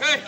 Okay.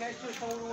开始投入。